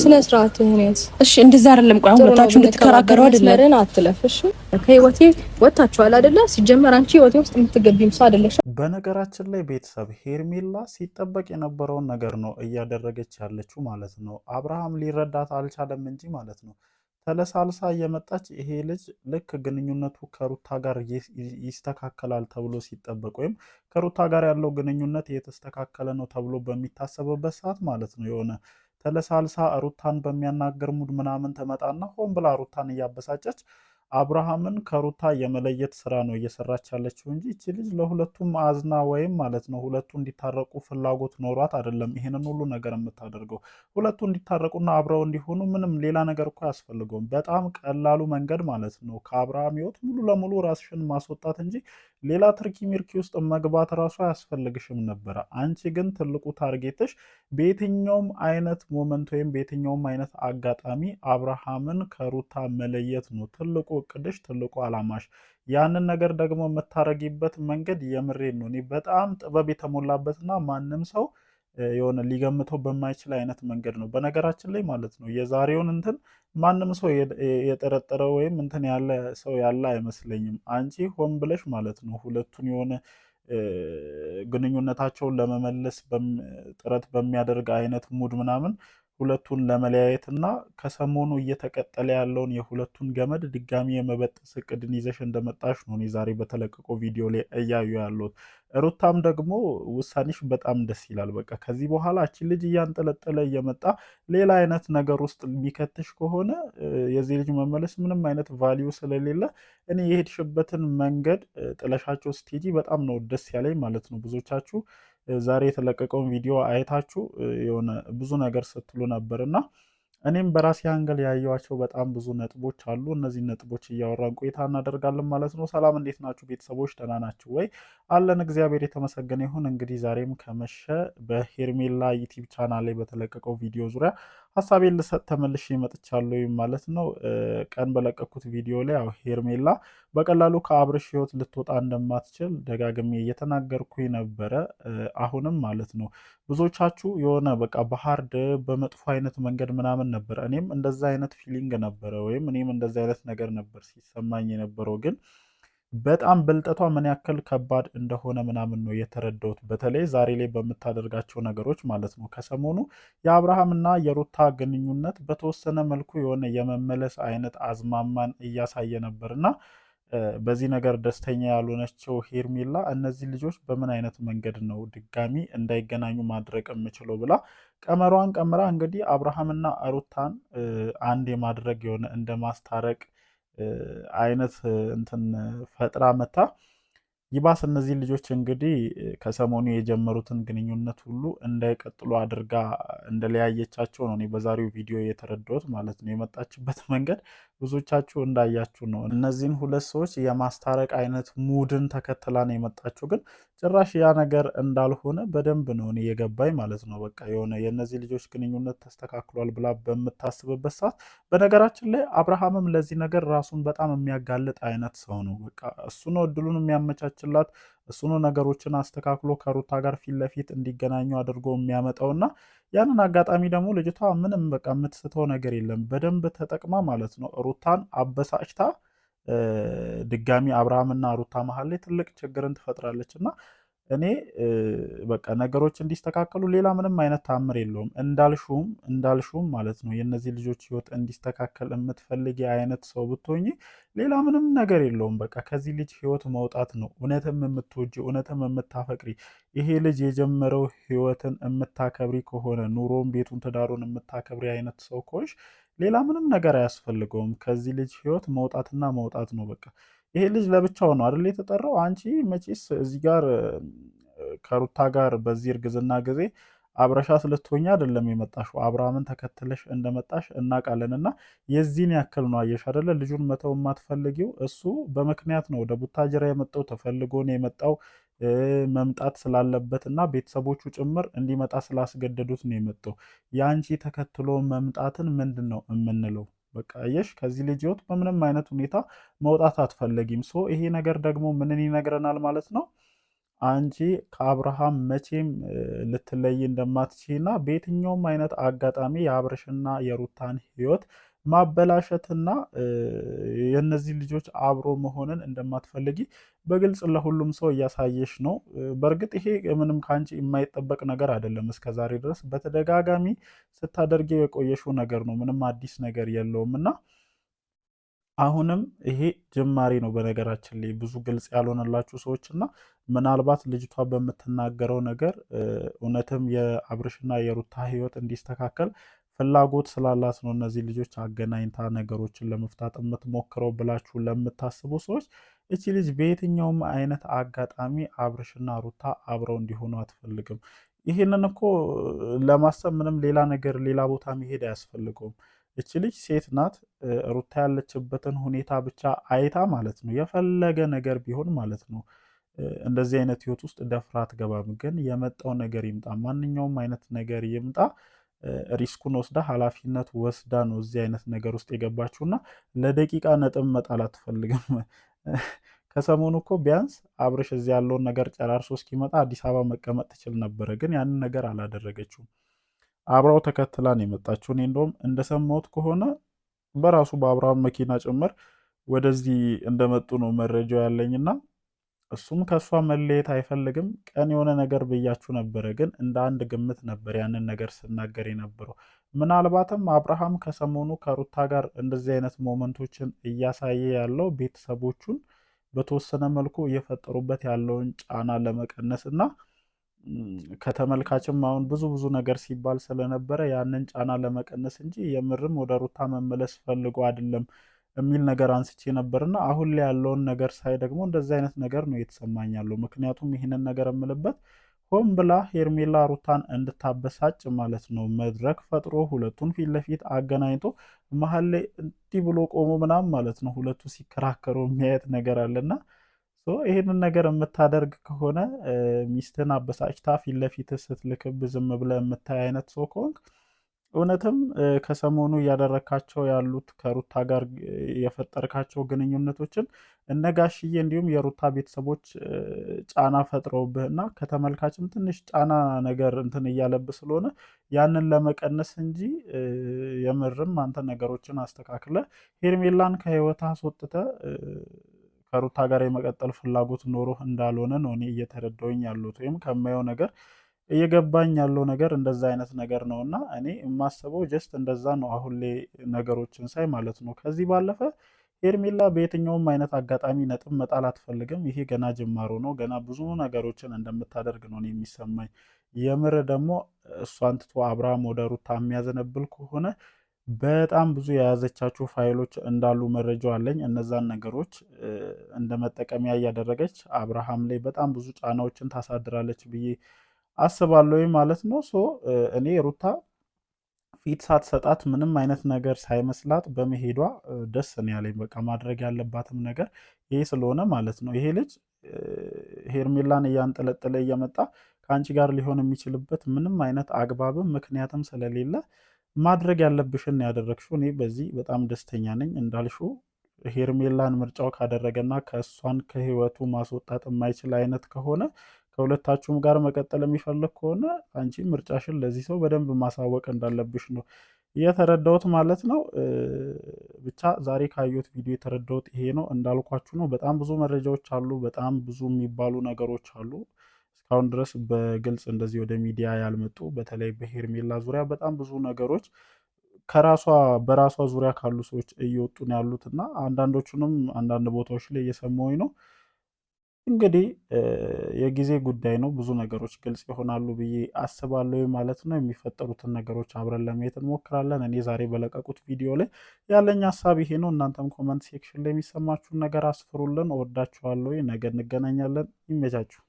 ስነ ስርዓት እህኔት እሺ፣ እንደዛ አይደለም። ቆይ አሁን ሁለታችሁ እንድትከራከሩ አይደለም፣ አትለፍሽ። ከህይወቴ ወጥታችኋል አይደለ? ሲጀመር አንቺ ህይወቴ ውስጥ የምትገቢም ሰው አይደለሽ። በነገራችን ላይ ቤተሰብ ሄርሜላ ሲጠበቅ የነበረውን ነገር ነው እያደረገች ያለችው ማለት ነው። አብርሃም ሊረዳት አልቻለም እንጂ ማለት ነው። ተለሳልሳ እየመጣች ይሄ ልጅ ልክ ግንኙነቱ ከሩታ ጋር ይስተካከላል ተብሎ ሲጠበቅ ወይም ከሩታ ጋር ያለው ግንኙነት የተስተካከለ ነው ተብሎ በሚታሰብበት ሰዓት ማለት ነው የሆነ ተለሳልሳ ሩታን በሚያናገር ሙድ ምናምን ትመጣና ሆን ብላ ሩታን እያበሳጨች አብርሃምን ከሩታ የመለየት ስራ ነው እየሰራች ያለችው እንጂ እቺ ልጅ ለሁለቱም አዝና ወይም ማለት ነው ሁለቱ እንዲታረቁ ፍላጎት ኖሯት አይደለም ይሄንን ሁሉ ነገር የምታደርገው። ሁለቱ እንዲታረቁና አብረው እንዲሆኑ ምንም ሌላ ነገር እኮ አያስፈልገውም። በጣም ቀላሉ መንገድ ማለት ነው ከአብርሃም ህይወት ሙሉ ለሙሉ ራስሽን ማስወጣት እንጂ ሌላ ትርኪ ሚርኪ ውስጥ መግባት ራሱ አያስፈልግሽም ነበረ። አንቺ ግን ትልቁ ታርጌትሽ በየትኛውም አይነት ሞመንት ወይም በየትኛውም አይነት አጋጣሚ አብርሃምን ከሩታ መለየት ነው ትልቁ እቅድሽ፣ ትልቁ አላማሽ። ያንን ነገር ደግሞ የምታረጊበት መንገድ የምሬን ነው በጣም ጥበብ የተሞላበትና ማንም ሰው የሆነ ሊገምተው በማይችል አይነት መንገድ ነው። በነገራችን ላይ ማለት ነው የዛሬውን እንትን ማንም ሰው የጠረጠረ ወይም እንትን ያለ ሰው ያለ አይመስለኝም። አንቺ ሆን ብለሽ ማለት ነው ሁለቱን የሆነ ግንኙነታቸውን ለመመለስ ጥረት በሚያደርግ አይነት ሙድ ምናምን ሁለቱን ለመለያየት እና ከሰሞኑ እየተቀጠለ ያለውን የሁለቱን ገመድ ድጋሚ የመበጠስ እቅድን ይዘሽ እንደመጣሽ ነው እኔ ዛሬ በተለቀቀው ቪዲዮ ላይ እያዩ ያሉት። ሩታም ደግሞ ውሳኔሽ በጣም ደስ ይላል። በቃ ከዚህ በኋላ አቺ ልጅ እያንጠለጠለ እየመጣ ሌላ አይነት ነገር ውስጥ የሚከትሽ ከሆነ የዚህ ልጅ መመለስ ምንም አይነት ቫሊዩ ስለሌለ እኔ የሄድሽበትን መንገድ ጥለሻቸው ስትሄጂ በጣም ነው ደስ ያለኝ ማለት ነው ብዙዎቻችሁ ዛሬ የተለቀቀውን ቪዲዮ አይታችሁ የሆነ ብዙ ነገር ስትሉ ነበር እና እኔም በራሴ አንገል ያየዋቸው በጣም ብዙ ነጥቦች አሉ። እነዚህ ነጥቦች እያወራን ቆይታ እናደርጋለን ማለት ነው። ሰላም፣ እንዴት ናችሁ ቤተሰቦች? ደህና ናችሁ ወይ? አለን እግዚአብሔር የተመሰገነ ይሁን። እንግዲህ ዛሬም ከመሸ በሄርሜላ ዩቲብ ቻናል ላይ በተለቀቀው ቪዲዮ ዙሪያ ሀሳቤን ልሰጥ ተመልሼ መጥቻለሁ ማለት ነው። ቀን በለቀኩት ቪዲዮ ላይ ያው ሄርሜላ በቀላሉ ከአብርሽ ህይወት ልትወጣ እንደማትችል ደጋግሜ እየተናገርኩኝ ነበረ። አሁንም ማለት ነው ብዙዎቻችሁ የሆነ በቃ በሀርድ በመጥፎ አይነት መንገድ ምናምን ነበር። እኔም እንደዛ አይነት ፊሊንግ ነበረ ወይም እኔም እንደዛ አይነት ነገር ነበር ሲሰማኝ የነበረው ግን በጣም ብልጠቷ ምን ያክል ከባድ እንደሆነ ምናምን ነው የተረዳሁት። በተለይ ዛሬ ላይ በምታደርጋቸው ነገሮች ማለት ነው። ከሰሞኑ የአብርሃምና የሩታ ግንኙነት በተወሰነ መልኩ የሆነ የመመለስ አይነት አዝማማን እያሳየ ነበርና በዚህ ነገር ደስተኛ ያልሆነችው ሄርሜላ እነዚህ ልጆች በምን አይነት መንገድ ነው ድጋሚ እንዳይገናኙ ማድረግ የምችለው ብላ ቀመሯን ቀምራ እንግዲህ አብርሃምና ሩታን አንድ የማድረግ የሆነ እንደ ማስታረቅ አይነት እንትን ፈጥራ መታ ይባስ እነዚህ ልጆች እንግዲህ ከሰሞኑ የጀመሩትን ግንኙነት ሁሉ እንዳይቀጥሉ አድርጋ እንደለያየቻቸው ነው እኔ በዛሬው ቪዲዮ የተረዳሁት ማለት ነው። የመጣችበት መንገድ ብዙዎቻችሁ እንዳያችሁ ነው እነዚህን ሁለት ሰዎች የማስታረቅ አይነት ሙድን ተከትላ ነው የመጣችሁ። ግን ጭራሽ ያ ነገር እንዳልሆነ በደንብ ነው እኔ የገባኝ ማለት ነው። በቃ የሆነ የእነዚህ ልጆች ግንኙነት ተስተካክሏል ብላ በምታስብበት ሰዓት፣ በነገራችን ላይ አብርሃምም ለዚህ ነገር ራሱን በጣም የሚያጋልጥ አይነት ሰው ነው። በቃ እሱ ነው እድሉን የሚያመቻችላት እሱኑ ነገሮችን አስተካክሎ ከሩታ ጋር ፊት ለፊት እንዲገናኙ አድርጎ የሚያመጣውና ያንን አጋጣሚ ደግሞ ልጅቷ ምንም በቃ የምትስተው ነገር የለም። በደንብ ተጠቅማ ማለት ነው ሩታን አበሳጭታ ድጋሚ አብርሃምና ሩታ መሀል ላይ ትልቅ ችግርን ትፈጥራለች እና እኔ በቃ ነገሮች እንዲስተካከሉ ሌላ ምንም አይነት ታምር የለውም። እንዳልሹም እንዳልሹም ማለት ነው የእነዚህ ልጆች ህይወት እንዲስተካከል የምትፈልግ አይነት ሰው ብትሆኝ ሌላ ምንም ነገር የለውም። በቃ ከዚህ ልጅ ህይወት መውጣት ነው እውነትም የምትወጂ እውነትም የምታፈቅሪ ይሄ ልጅ የጀመረው ህይወትን የምታከብሪ ከሆነ ኑሮን፣ ቤቱን፣ ትዳሩን የምታከብሪ አይነት ሰው ከሆንሽ ሌላ ምንም ነገር አያስፈልገውም። ከዚህ ልጅ ህይወት መውጣትና መውጣት ነው በቃ ይሄ ልጅ ለብቻው ነው አይደል የተጠራው? አንቺ መቼስ እዚህ ጋር ከሩታ ጋር በዚህ እርግዝና ጊዜ አብረሻ ስለትሆኝ አይደለም የመጣሽው፣ አብርሃምን ተከትለሽ እንደመጣሽ እናውቃለን። እና የዚህን ያክል ነው አየሽ አይደለ? ልጁን መተው የማትፈልጊው እሱ በምክንያት ነው ወደ ቡታጅራ የመጣው ተፈልጎ ነው የመጣው መምጣት ስላለበት እና ቤተሰቦቹ ጭምር እንዲመጣ ስላስገደዱት ነው የመጣው። የአንቺ ተከትሎ መምጣትን ምንድን ነው የምንለው? በቃ አየሽ፣ ከዚህ ልጅ ህይወት በምንም አይነት ሁኔታ መውጣት አትፈለጊም። ሶ ይሄ ነገር ደግሞ ምንን ይነግረናል ማለት ነው? አንቺ ከአብርሃም መቼም ልትለይ እንደማትችይና በየትኛውም አይነት አጋጣሚ የአብርሽና የሩታን ህይወት ማበላሸትና የእነዚህ ልጆች አብሮ መሆንን እንደማትፈልጊ በግልጽ ለሁሉም ሰው እያሳየሽ ነው። በእርግጥ ይሄ ምንም ከአንቺ የማይጠበቅ ነገር አይደለም። እስከዛሬ ድረስ በተደጋጋሚ ስታደርጊው የቆየሽው ነገር ነው። ምንም አዲስ ነገር የለውም እና አሁንም ይሄ ጅማሬ ነው። በነገራችን ላይ ብዙ ግልጽ ያልሆነላችሁ ሰዎች እና ምናልባት ልጅቷ በምትናገረው ነገር እውነትም የአብርሽና የሩታ ህይወት እንዲስተካከል ፍላጎት ስላላት ነው እነዚህ ልጆች አገናኝታ ነገሮችን ለመፍታት የምትሞክረው ብላችሁ ለምታስቡ ሰዎች እቺ ልጅ በየትኛውም አይነት አጋጣሚ አብርሽና ሩታ አብረው እንዲሆኑ አትፈልግም። ይህንን እኮ ለማሰብ ምንም ሌላ ነገር ሌላ ቦታ መሄድ አያስፈልገውም። እቺ ልጅ ሴት ናት። ሩታ ያለችበትን ሁኔታ ብቻ አይታ ማለት ነው የፈለገ ነገር ቢሆን ማለት ነው እንደዚህ አይነት ህይወት ውስጥ ደፍራ አትገባም። ግን የመጣው ነገር ይምጣ፣ ማንኛውም አይነት ነገር ይምጣ ሪስኩን ወስዳ ኃላፊነት ወስዳ ነው እዚህ አይነት ነገር ውስጥ እና ለደቂቃ ነጥብ መጣል አትፈልግም። ከሰሞኑ እኮ ቢያንስ አብርሽ እዚህ ያለውን ነገር ጨራርሶ እስኪመጣ አዲስ አበባ መቀመጥ ትችል ነበረ፣ ግን ያንን ነገር አላደረገችውም። አብራው ተከትላን የመጣችው እኔ እንደውም እንደሰማሁት ከሆነ በራሱ በአብርሃም መኪና ጭምር ወደዚህ እንደመጡ ነው መረጃው ያለኝና እሱም ከእሷ መለየት አይፈልግም። ቀን የሆነ ነገር ብያችሁ ነበረ፣ ግን እንደ አንድ ግምት ነበር ያንን ነገር ስናገር የነበረው። ምናልባትም አብርሃም ከሰሞኑ ከሩታ ጋር እንደዚህ አይነት ሞመንቶችን እያሳየ ያለው ቤተሰቦቹን በተወሰነ መልኩ እየፈጠሩበት ያለውን ጫና ለመቀነስ እና ከተመልካችም አሁን ብዙ ብዙ ነገር ሲባል ስለነበረ ያንን ጫና ለመቀነስ እንጂ የምርም ወደ ሩታ መመለስ ፈልጎ አይደለም። የሚል ነገር አንስቼ ነበርና አሁን ላይ ያለውን ነገር ሳይ ደግሞ እንደዚህ አይነት ነገር ነው የተሰማኛለሁ። ምክንያቱም ይህንን ነገር የምልበት ሆን ብላ ሄርሜላ ሩታን እንድታበሳጭ ማለት ነው። መድረክ ፈጥሮ ሁለቱን ፊት ለፊት አገናኝቶ መሀል ላይ እንዲህ ብሎ ቆሞ ምናምን ማለት ነው ሁለቱ ሲከራከሩ የሚያየት ነገር አለና ይህንን ነገር የምታደርግ ከሆነ ሚስትን አበሳጭታ ፊት ለፊት ስትልክብ ዝም ብለህ የምታይ አይነት ሰው ከሆንክ እውነትም ከሰሞኑ እያደረካቸው ያሉት ከሩታ ጋር የፈጠርካቸው ግንኙነቶችን እነ ጋሽዬ እንዲሁም የሩታ ቤተሰቦች ጫና ፈጥረውብህና ከተመልካችም ትንሽ ጫና ነገር እንትን እያለብህ ስለሆነ ያንን ለመቀነስ እንጂ የምርም አንተ ነገሮችን አስተካክለ ሄርሜላን ከህይወት አስወጥተ ከሩታ ጋር የመቀጠል ፍላጎት ኖሮህ እንዳልሆነ ነው እኔ እየተረዳውኝ ያሉት ወይም ከማየው ነገር እየገባኝ ያለው ነገር እንደዛ አይነት ነገር ነው እና እኔ የማስበው ጀስት እንደዛ ነው አሁን ላይ ነገሮችን ሳይ ማለት ነው። ከዚህ ባለፈ ሄርሜላ በየትኛውም አይነት አጋጣሚ ነጥብ መጣል አትፈልግም። ይሄ ገና ጅማሮ ነው። ገና ብዙ ነገሮችን እንደምታደርግ ነው የሚሰማኝ። የምር ደግሞ እሷን ትቶ አብርሃም ወደ ሩታ የሚያዘነብል ከሆነ በጣም ብዙ የያዘቻችሁ ፋይሎች እንዳሉ መረጃው አለኝ። እነዛን ነገሮች እንደ መጠቀሚያ እያደረገች አብርሃም ላይ በጣም ብዙ ጫናዎችን ታሳድራለች ብዬ አስባለሁ ማለት ነው። ሶ እኔ ሩታ ፊት ሳትሰጣት ምንም አይነት ነገር ሳይመስላት በመሄዷ ደስ ነው ያለኝ። በቃ ማድረግ ያለባትም ነገር ይሄ ስለሆነ ማለት ነው። ይሄ ልጅ ሄርሜላን እያንጠለጠለ እየመጣ ከአንቺ ጋር ሊሆን የሚችልበት ምንም አይነት አግባብም ምክንያትም ስለሌለ ማድረግ ያለብሽን ያደረግሽው። እኔ በዚህ በጣም ደስተኛ ነኝ። እንዳልሹ ሄርሜላን ምርጫው ካደረገና ከእሷን ከህይወቱ ማስወጣት የማይችል አይነት ከሆነ ከሁለታችሁም ጋር መቀጠል የሚፈልግ ከሆነ አንቺ ምርጫሽን ለዚህ ሰው በደንብ ማሳወቅ እንዳለብሽ ነው እየተረዳሁት ማለት ነው። ብቻ ዛሬ ካየሁት ቪዲዮ የተረዳሁት ይሄ ነው። እንዳልኳችሁ ነው፣ በጣም ብዙ መረጃዎች አሉ፣ በጣም ብዙ የሚባሉ ነገሮች አሉ። እስካሁን ድረስ በግልጽ እንደዚህ ወደ ሚዲያ ያልመጡ በተለይ በሄርሜላ ዙሪያ በጣም ብዙ ነገሮች ከራሷ በራሷ ዙሪያ ካሉ ሰዎች እየወጡ ነው ያሉት እና አንዳንዶቹንም አንዳንድ ቦታዎች ላይ እየሰማሁኝ ነው። እንግዲህ የጊዜ ጉዳይ ነው። ብዙ ነገሮች ግልጽ ይሆናሉ ብዬ አስባለሁ ማለት ነው። የሚፈጠሩትን ነገሮች አብረን ለማየት እንሞክራለን። እኔ ዛሬ በለቀቁት ቪዲዮ ላይ ያለኝ ሀሳብ ይሄ ነው። እናንተም ኮመንት ሴክሽን ላይ የሚሰማችሁን ነገር አስፍሩልን። እወዳችኋለሁ። ነገ እንገናኛለን። ይመቻችሁ።